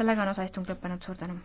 sellega on osaistung lõppenud, suur tänu!